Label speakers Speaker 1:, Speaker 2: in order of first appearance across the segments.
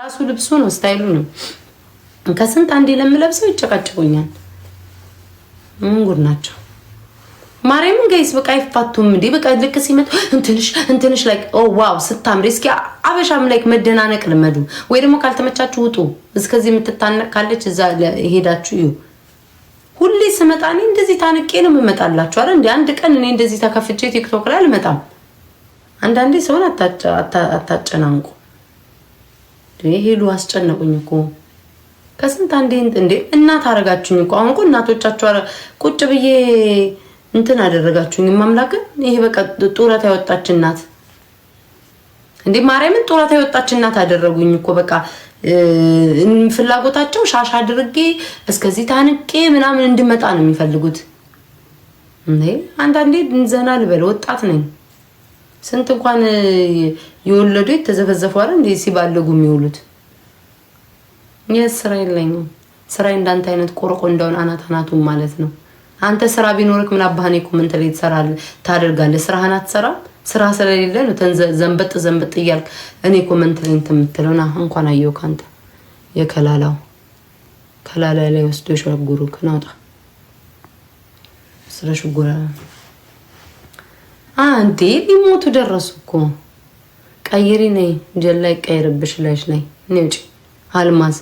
Speaker 1: ራሱ ልብሱ ነው ስታይሉ ነው። ከስንት አንዴ ለምለብሰው ይጨቃጨቁኛል። ምን ጉድ ናቸው? ማርያምን ጋይስ በቃ አይፋቱም እንዴ? በቃ ልክ ሲመጡ እንትንሽ እንትንሽ ላይ ኦ ዋው ስታምሪ። እስኪ አበሻም ላይ መደናነቅ ልመዱ፣ ወይ ደግሞ ካልተመቻችሁ ውጡ። እስከዚህ የምትታነቅ ካለች እዛ ሄዳችሁ እዩ። ሁሌ ስመጣ እኔ እንደዚህ ታንቄ ነው የምመጣላችሁ። አረ እንዲ አንድ ቀን እኔ እንደዚህ ተከፍቼ ቲክቶክ ላይ አልመጣም። አንዳንዴ ሰውን አታጨናንቁ። ሄሉ አስጨነቁኝ እኮ ከስንት አንዴ እንዴ እናት አረጋችሁኝ እኮ አሁን እኮ እናቶቻችሁ ቁጭ ብዬ እንትን አደረጋችሁኝ። ማምላክን ይሄ በቃ ጡረታ የወጣች እናት እንዴ ማርያምን ጡረታ የወጣች እናት አደረጉኝ እኮ በቃ ፍላጎታቸው ሻሻ አድርጌ እስከዚህ ታንቄ ምናምን እንድመጣ ነው የሚፈልጉት። እንዴ አንዳንዴ ዘና ልበል፣ ወጣት ነኝ። ስንት እንኳን የወለዱ የተዘፈዘፉ አለ እንዴ ሲባለጉ የሚውሉት። ይህ ስራ የለኝም። ስራ እንዳንተ አይነት ቆርቆ እንደውን አናት አናቱ ማለት ነው። አንተ ስራ ቢኖርክ ምን አባህኔ ኮመንት ላይ ትሰራለህ ታደርጋለ? ስራህን አትሰራም። ስራ ስለሌለ ነው ተንዘ ዘንበጥ ዘንበጥ እያልክ እኔ ኮመንት ላይ እንትን የምትለው ና እንኳን አየው ከአንተ የከላላው ከላላ ላይ ወስዶ ሸጉሩ ክናውጣ ስለ ሽጉራ አንዴ ሊሞቱ ደረሱ እኮ። ቀይሪ ነይ ጀላ ይቀይርብሽ ላይሽ ላይ እኔ አልማዝ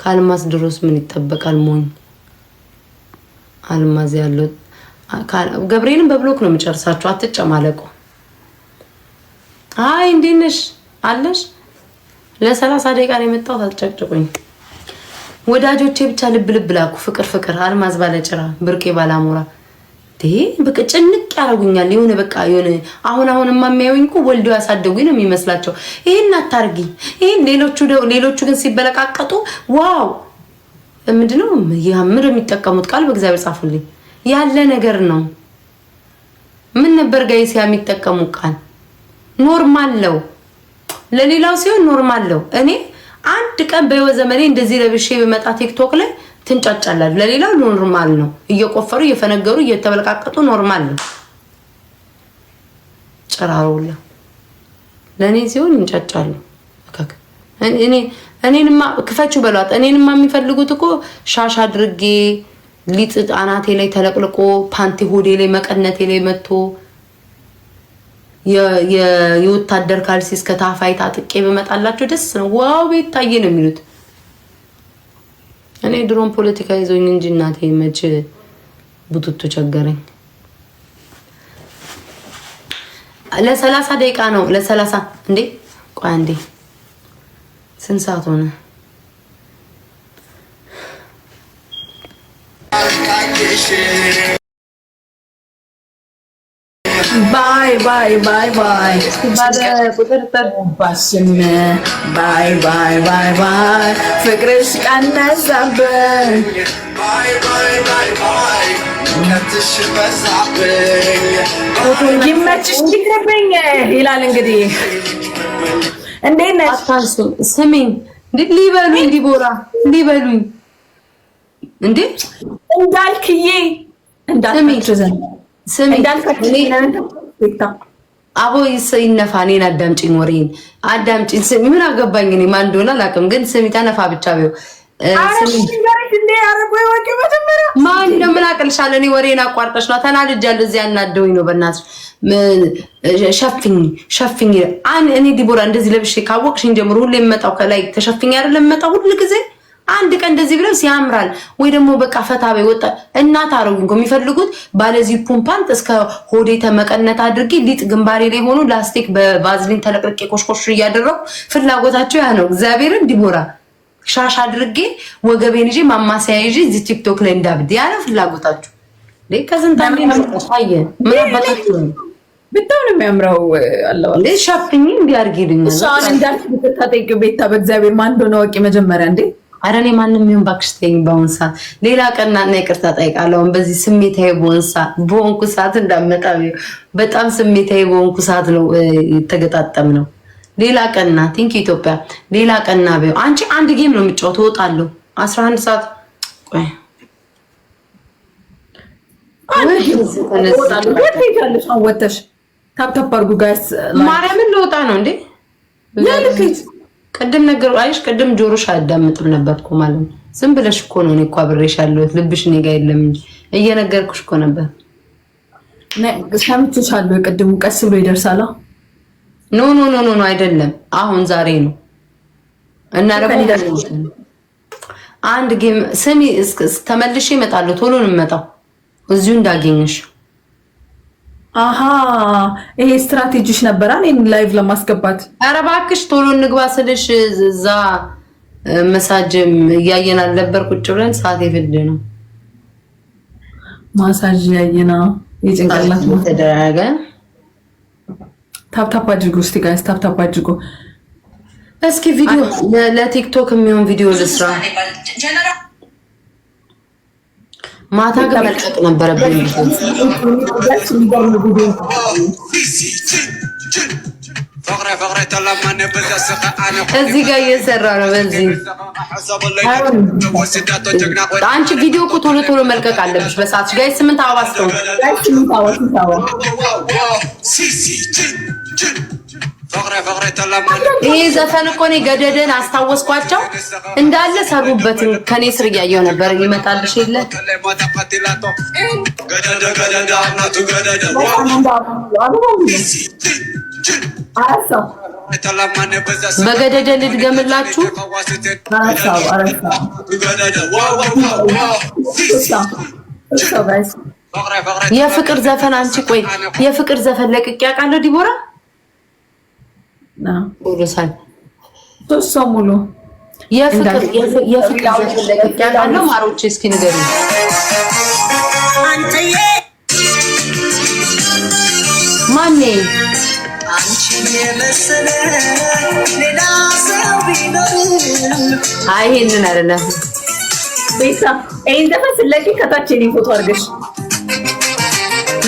Speaker 1: ከአልማዝ ድሮስ ምን ይጠበቃል? ሞኝ አልማዝ ያለው ገብርኤልን በብሎክ ነው የምጨርሳቸው። አትጨማለቁ። አይ እንዴት ነሽ አለሽ። ለሰላሳ ደቂቃ ነው የመጣሁት። አትጨቅጭቁኝ ወዳጆቼ። ብቻ ልብ ልብ ላኩ። ፍቅር ፍቅር። አልማዝ ባለጭራ፣ ብርቄ ባላሞራ በቃ ጭንቅ ያደርጉኛል። የሆነ በቃ የሆነ አሁን አሁን የማሚያዩኝ እኮ ወልደው ያሳደጉኝ ነው የሚመስላቸው። ይሄን አታርጊኝ፣ ይሄን ሌሎቹ ሌሎቹ ግን ሲበለቃቀጡ ዋው ምንድነው ያምር የሚጠቀሙት ቃል በእግዚአብሔር ጻፉልኝ ያለ ነገር ነው። ምን ነበር ጋይስ የሚጠቀሙ ቃል ኖርማል ነው። ለሌላው ሲሆን ኖርማል ነው። እኔ አንድ ቀን በህይወት ዘመኔ እንደዚህ ለብሼ ብመጣ ቲክቶክ ላይ ትንጫጫላችሁ። ለሌላው ኖርማል ነው። እየቆፈሩ እየፈነገሩ እየተበለቃቀጡ ኖርማል ነው። ጭራሮላ ለእኔ ሲሆን እንጫጫሉ። እኔንማ ክፈችው በሏት። እኔንማ የሚፈልጉት እኮ ሻሽ አድርጌ ሊጥ አናቴ ላይ ተለቅልቆ ፓንቲ ሆዴ ላይ መቀነቴ ላይ መጥቶ የወታደር ካልሲ እስከ ታፋይ ታጥቄ በመጣላቸው ደስ ነው። ዋው ቤታዬ ነው የሚሉት። እኔ ድሮን ፖለቲካ ይዞኝ እንጂ እናቴ መች ቡትቱ ቸገረኝ። ለሰላሳ ደቂቃ ነው ለሰላሳ እንዴ ቆይ እንዴ ስንት ሰዓት ሆነ?
Speaker 2: ባይ ባይ ባይ ባይ ቁጥርጥር ባስም ባይ ባይ ባይ ባይ ፍቅርሽ ቀነሰብኝ
Speaker 1: ይመችሽ ይቅርብኝ ይላል እንግዲህ። እንዴት ነሽ? ስሚኝ ሊበሉኝ ዲቦራ ሊበሉኝ እንዴ እንዳልክዬ እንዳልክዬ አቦ ይነፋ። እኔን አዳምጪኝ፣ ወሬን አዳምጪኝ። ምን አገባኝ እኔ ማን እንደሆነ አላውቅም፣ ግን ስሚ፣ ተነፋ ብቻ ቢው ማን አቅልሻለሁ? እኔ ወሬን አቋርጠሽ ነው ተናድጃለሁ። እዚህ ነው። በእናትሽ ሸፍኝ ሸፍኝ። እኔ ዲቦራ እንደዚህ ለብሼ ካወቅሽኝ ጀምሮ ሁሌ የምመጣው ከላይ ተሸፍኝ አይደለም የምመጣው ሁሉ ጊዜ አንድ ቀን እንደዚህ ብለብስ ያምራል ወይ ደግሞ በቃ ፈታ በይ ወጣ እናት አረጉ የሚፈልጉት ባለዚህ ፑምፓንት እስከ ሆዴ ተመቀነት አድርጌ ሊጥ ግንባሬ ላይ ሆኖ ላስቲክ በቫዝሊን ተለቅርቄ ቆሽቆሽ እያደረኩ ፍላጎታቸው ያ ነው። እግዚአብሔርን ዲቦራ ሻሽ አድርጌ ወገቤን ይዤ ማማሰያ ይዤ እዚህ ቲክቶክ ላይ እንዳብድ ያለ ፍላጎታችሁ ከስንት አንዴ ታየ ምን ነው በጣም ነው የሚያምረው። አለባበስ እንዴ ሻፍኝ እንዲያርግልኝ እሷን እንዳልሽ ተጣጣቂ ቤታ በእግዚአብሔር ማን እንደሆነ ወቂ መጀመሪያ እንዴ ኧረ እኔ ማንም ይሁን እባክሽ ተይኝ። በአሁን ሰዓት ሌላ ቀና እና ይቅርታ ጠይቃለሁ። አሁን በዚህ ስሜታዊ በሆንኩ ሰዓት እንዳመጣ በጣም ስሜታዊ በሆንኩ ሰዓት ነው የተገጣጠም ነው። ሌላ ቀና ቲንክ ኢትዮጵያ ሌላ ቀና ቢው አንቺ አንድ ጌም ነው የምጫወተው። እወጣለሁ አስራ አንድ ሰዓት ቆይ ወተሽ ታፕታፕ አድርጉ ጋይስ ማርያምን ልወጣ ነው እንዴ ልክት ቅድም ነገር አይሽ ቅድም ጆሮሽ አያዳምጥም ነበር እኮ ማለት ነው። ዝም ብለሽ እኮ ነው። እኔ እኮ አብሬሽ ያለሁት ልብሽ እኔ ጋር የለም እንጂ እየነገርኩሽ እኮ ነበር። ሰምቼሻለሁ። ቅድሙ ቀስ ብሎ ይደርሳል። ኖ ኖ ኖ ኖ አይደለም፣ አሁን ዛሬ ነው እና ደግሞ አንድ ጌም ስሚ፣ ተመልሼ እመጣለሁ። ቶሎ ነው የምመጣው እዚሁ እንዳገኘሽ አሀ ይሄ ስትራቴጂሽ ነበራ እኔን ላይቭ ለማስገባት? ኧረ እባክሽ ቶሎ እንግባ ስልሽ እዛ መሳጅም እያየን አልነበር? ቁጭ ብለን ሰዓት የፍድ ነው ማሳጅ እያየና የጭንቅላት ተደረገ። ታፕታፕ አድርጉ እስቲ ጋይስ፣ ታፕታፕ አድርጉ እስኪ ቪዲዮ ለቲክቶክ የሚሆን ቪዲዮ ልስራ ማታ መልቀቅ ነበረብን። እዚህ ጋር እየሰራ ነው። በዚህ አንቺ ቪዲዮ እኮ ቶሎ ቶሎ መልቀቅ አለብሽ በሰዓትሽ። ጋይ ስምንት አበባ ይህ ዘፈን እኮ እኔ ገደደን አስታወስኳቸው እንዳለ ሰሩበት። ከኔ ስር እያየው ነበር ይመጣልሽ የለ በገደደ ልድገምላችሁ። የፍቅር ዘፈን አንቺ ቆይ፣ የፍቅር ዘፈን ለቅቄ አውቃለሁ ዲቦራ ሶስት ሰው ሙሉ የፍቅር ያለው ማሮቼ እስኪ ንገሪኝ። ማኔ አይ ይሄንን አይደለም ቤሳ ይህን ዘፈን ስለቂ ከታች ኔ ፎቶ አድርገሽ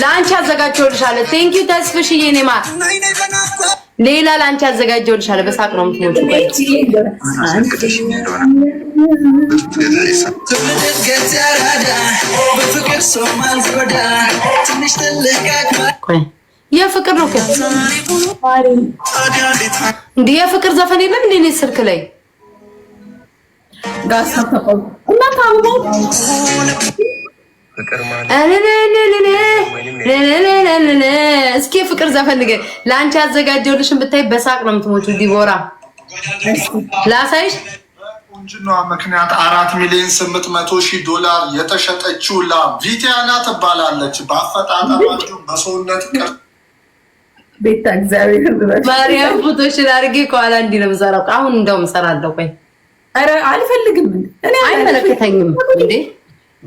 Speaker 1: ለአንቺ አዘጋጅቼልሻለሁ። ቴንኪው ተስፍሽዬ ኔማ ሌላ ላንቺ አዘጋጀውልሻለሁ። በሳቅ ነው የምትሞጪው። የፍቅር ነው እንዴ? የፍቅር ዘፈን የለም እንዴ? እኔ ስልክ ላይ ታምሞ እስኪ ፍቅር ዘፈን ንገ ለአንቺ ያዘጋጀውልሽን ብታይ በሳቅ ነው የምትሞቹ። ዲቦራ ላሳይሽ ቁንጅና ምክንያት አራት ሚሊዮን ስምንት መቶ ሺህ ዶላር የተሸጠችው ቪቲያና ትባላለች። በአፈጣጠባችሁ በሰውነት ቅር ቤታ እግዚአብሔር ማርያም ፎቶሽን አድርጌ ከኋላ እንዲህ ነው የምሰራው። አሁን እንደውም እሰራለሁ። ቆይ ኧረ አልፈልግም፣ አይመለከተኝም እንዴ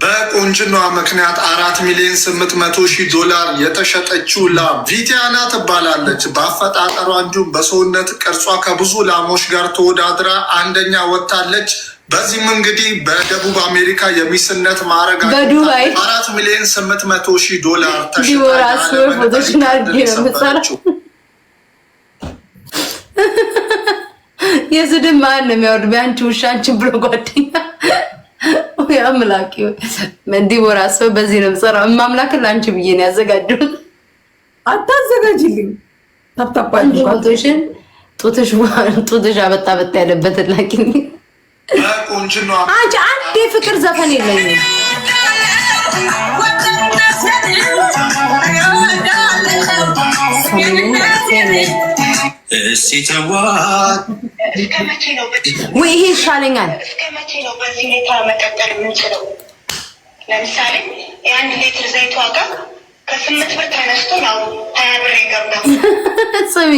Speaker 1: በቁንጅና ምክንያት አራት ሚሊዮን ስምንት መቶ ሺህ ዶላር የተሸጠችው ላም ቪቲያና ትባላለች። በአፈጣጠሯ እንዲሁም በሰውነት ቅርጿ ከብዙ ላሞች ጋር ተወዳድራ አንደኛ ወጥታለች። በዚህም እንግዲህ በደቡብ አሜሪካ የሚስነት ማዕረግ በዱባይ አራት ሚሊዮን ስምንት መቶ ሺህ ዶላር ተሸጣለች። የስድብ ማን ነው የሚያወርድ? ቢያንቺ ውሻ አንቺን ብሎ ጓደኛ አምላክ ዲቦራ ሰው በዚህ ነው ምጸራ ለአንቺ ብዬ ነው አታዘጋጅልኝ ታብታባሽን ጡትሽ አበጣ በጣ ላኪ አንቺ አንድ የፍቅር ዘፈን የለኝም። ውይ ይሄ ይሻለኛል። ስሚ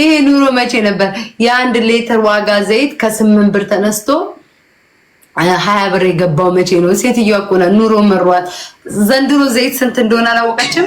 Speaker 1: ይሄ ኑሮ መቼ ነበር? የአንድ ሌትር ዋጋ ዘይት ከስምንት ብር ተነስቶ ሀያ ብር የገባው መቼ ነው? ሴትዮዋ እኮ ኑሮ መሯት። ዘንድሮ ዘይት ስንት እንደሆነ አላወቀችም።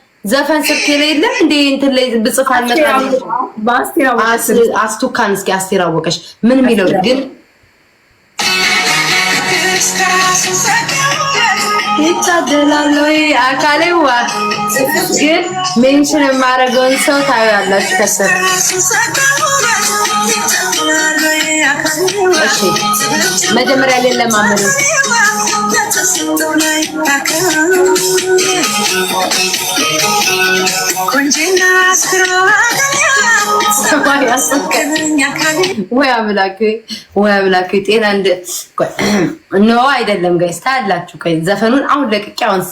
Speaker 1: ዘፈን ስልክ የለም እንዴ? እንትን ላይ ብጽፍ አስቱካን እስኪ አስቴር አወቀሽ ምን የሚለው ግን ይታደላል ወይ አካሌዋ ግን ሜንሽን የማደርገውን ሰው ታያላችሁ ከስር እሺ፣ መጀመሪያ ወይ አምላኬ፣ ወይ አምላኬ፣ ጤና እንደ ኖ አይደለም። ጋይስ ታያላችሁ፣ ዘፈኑን አሁን ለቅቄ አሁን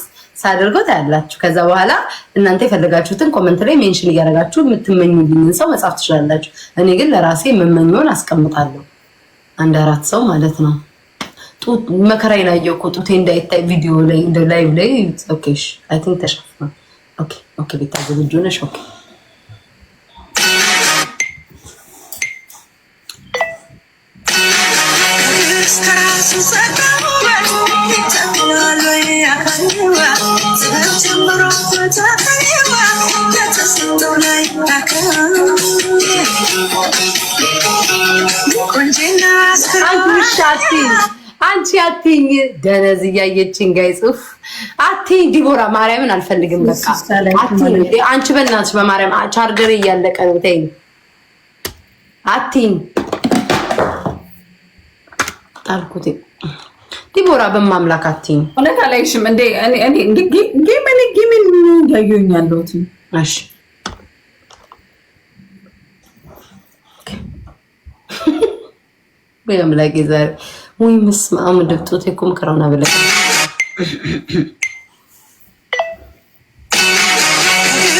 Speaker 1: ሳደርገው ታያላችሁ። ከዛ በኋላ እናንተ የፈለጋችሁትን ኮመንት ላይ ሜንሽን እያደረጋችሁ የምትመኙልኝን ሰው መጻፍ ትችላላችሁ። እኔ ግን ለራሴ የምመኘውን አስቀምጣለሁ። አንድ አራት ሰው ማለት ነው። መከራ ይናየው እኮ ጡቴ እንዳይታይ ቪዲዮ ላይ እንደ ላይቭ ላይ ኦኬ። አይ ቲንክ ተሸፍኗል። ኦኬ ኦኬ። ቤታ ዝግጁ ነሽ? ኦኬ አንቺ አትይኝ ደነዝ እያየችኝ ጋይጽ ጽሁፍ አትይኝ ዲቦራ ማርያምን አልፈልግም። በቃ አንቺ በእናትሽ በማርያም ቻርጀሬ እያለቀ ነው። ተይኝ አትይኝ ጣልኩት። ዲቦራ በማምላካት አትይኝ። እውነት አላይሽም እንዴ? እኔ ጌምን ጌምን ያየኝ ያለሁት እሺ በአምላኬ ዛሬ ወይ ምስማም ድብጦት ከረውና ብለ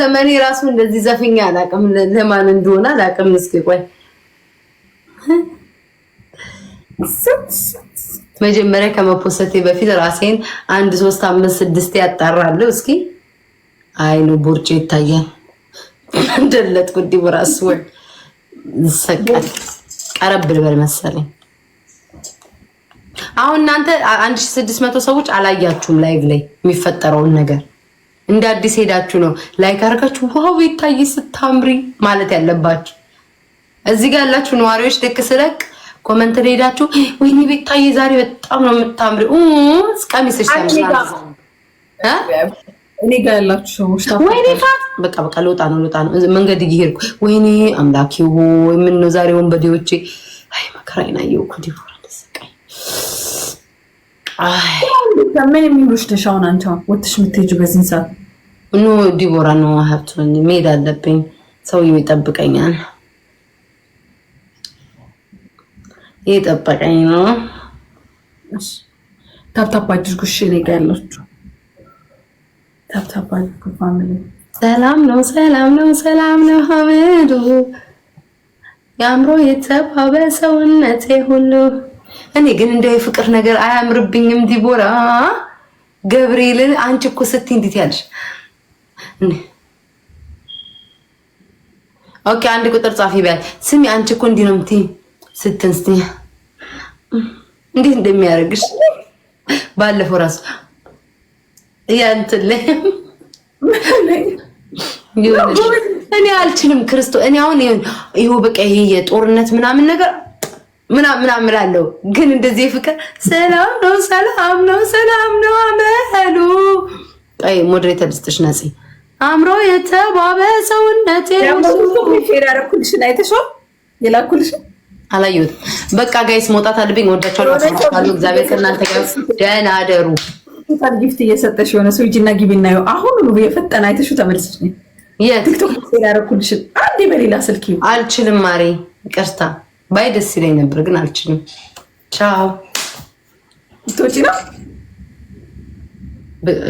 Speaker 1: ዘመኔ የራሱ እንደዚህ ዘፍኛ አላውቅም። ለማን እንደሆነ አላውቅም። እስኪ ቆይ መጀመሪያ ከመፖሰቴ በፊት ራሴን አንድ ሶስት አምስት ስድስት ያጣራለሁ። እስኪ አይኑ ቦርጭ ይታያል። እንደለት ጉዲ ራስ ወይ ሰቀል ቀረብ ልበል መሰለኝ። አሁን እናንተ 1600 ሰዎች አላያችሁም ላይቭ ላይ የሚፈጠረውን ነገር እንደ አዲስ ሄዳችሁ ነው ላይክ አድርጋችሁ ዋው ቤታዬ ስታምሪ ማለት ያለባችሁ። እዚህ ጋር ያላችሁ ነዋሪዎች ልክ ስለቅ ኮመንት ሄዳችሁ ወይኔ ቤታዬ ዛሬ በጣም ነው የምታምሪ ቀሚስሽ እኔ ጋር ያላችሁ ሰዎች ወይኔ ፋት በቃ በቃ ልወጣ ነው ልወጣ ነው መንገድ እየሄድኩ ወይኔ አምላኪ ሆይ ነው ዛሬ ወንበዴዎቼ አይ መከራዬን አየሁ እኮ ምን የሚሉሽ ነሽ? አንቺ ወጥሽ የምትሄጂው በዚህን ሰዓት ኖ ዲቦራ ነው ሀብቱ መሄድ አለብኝ። ሰውዬው ይጠብቀኛል። የጠበቀኝ ነው። ታብታብ አድርጉ። እሺ እኔ ጋ ያላችሁ ታብታብ አድርጉ። ፋሚሊ ሰላም ነው፣ ሰላም ነው፣ ሰላም ነው። ሀመዱ የአእምሮ የተባበ ሰውነቴ ሁሉ እኔ ግን እንደ የፍቅር ነገር አያምርብኝም። ዲቦራ ገብርኤልን አንቺ እኮ ስትይ እንዴት ያለሽ? ኦኬ አንድ ቁጥር ጻፊ ይባል። ስሚ አንቺ እኮ እንዲህ ነው የምትይ ስትንስቲ እንዴት እንደሚያደርግሽ ባለፈው ራሱ ያንትለ እኔ አልችልም ክርስቶ እኔ አሁን ይኸው በቃ ይሄ የጦርነት ምናምን ነገር ምናምን አለው ግን እንደዚህ ፍቅር ሰላም ነው፣ ሰላም ነው፣ ሰላም ነው አመሉ ይ ሞዴሬተር ልስጥሽ ነፂ አምሮ የተባበ ሰውነቴ ያረኩልሽን አይተሾ የላኩልሽን አላየሁትም። በቃ ጋይስ መውጣት አለብኝ። ወዳቸዋለሁ። እግዚአብሔር ከእናንተ ጋር ደህና አደሩ። ቶታል ጊፍት እየሰጠሽ የሆነ ሰው እጅና ግቢ እናየው። አሁን ሁሉ የፈጠነ አይተሹ ተመልሰሽ ቲክቶክ ያረኩልሽን አንዴ በሌላ ስልክ አልችልም ማሬ ይቅርታ ባይ ደስ ይለኝ ነበር ግን አልችልም። ቻው ቶቺ ነው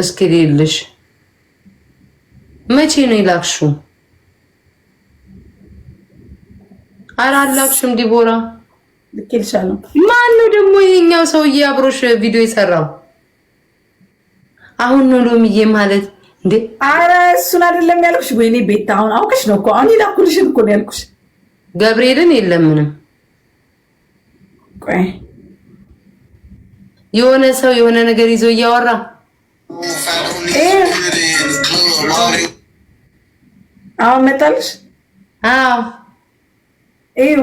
Speaker 1: እስኪ ሌልሽ መቼ ነው ይላክሹ? ኧረ አላክሽም ዲቦራ ልኬልሻለሁ። ማን ነው ደግሞ ይሄኛው ሰውዬ አብሮሽ ቪዲዮ የሰራው? አሁን ነው ሎሚዬ ማለት እንዴ? ኧረ እሱን አይደለም ያልኩሽ። ወይኔ ቤታ አሁን አውቅሽ ነው እኮ አሁን የላኩልሽን እኮ ነው ያልኩሽ። ገብርኤልን የለምንም ቆይ የሆነ ሰው የሆነ ነገር ይዞ እያወራ አሁን መጣልሽ። አዎ እዩ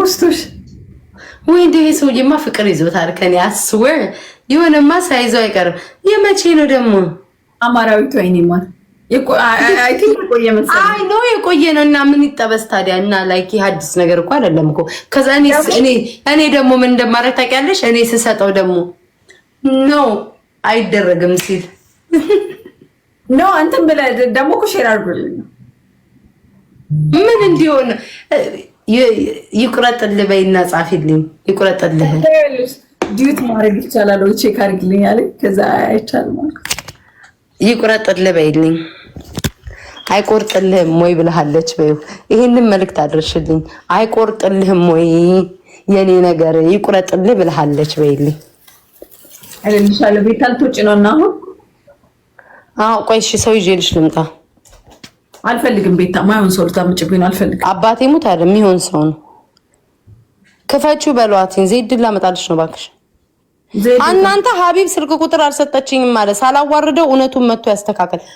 Speaker 1: ውስጡሽ ወይ እንደ ይሄ ሰውዬማ ፍቅር ይዞታል። ከኔ አስወር የሆነማ ሳይዞ አይቀርም። የመቼ ነው ደግሞ አማራዊቱ አይኔማል የቆየ ነው እና ምን ይጠበስ ታዲያ? እና ላይክ አዲስ ነገር እኮ አይደለም እኮ። ከዛ እኔ ደግሞ ምን እንደማረግ ታውቂያለሽ? እኔ ስሰጠው ደግሞ ኖ አይደረግም ሲል ኖ አንተም ብለህ ደግሞ እኮ ሼር አድርጎልኝ ምን እንዲሆን ይቁረጥልህ በይና ጻፊልኝ። ይቁረጥልህ ዲዩት ማድረግ ይቻላል ወይ ቼክ አድርግልኝ አለኝ። ከዛ አይቻልም አልኩት። ይቁረጥልህ በይልኝ። አይቆርጥልህም ወይ ብልሃለች። በይው ይህንን መልእክት አድርሽልኝ። አይቆርጥልህም ወይ የኔ ነገር ይቁረጥልህ ብልሃለች በይልኝ። እልልሻለሁ። ቤት አልቶጭ ነው እና አሁን አዎ፣ ቆይ እሺ፣ ሰው ይዤልሽ ልምጣ። አልፈልግም። ቤታ ማይሆን ሰው ልታምጭብኝ ነው። አልፈልግም። አባቴ ሙት አይደል የሚሆን ሰው ነው። ክፈችው በሏትኝ። ዜድን ላመጣልሽ ነው እባክሽ። እናንተ ሀቢብ ስልክ ቁጥር አልሰጠችኝም ማለት ሳላዋርደው እውነቱን መጥቶ ያስተካከል።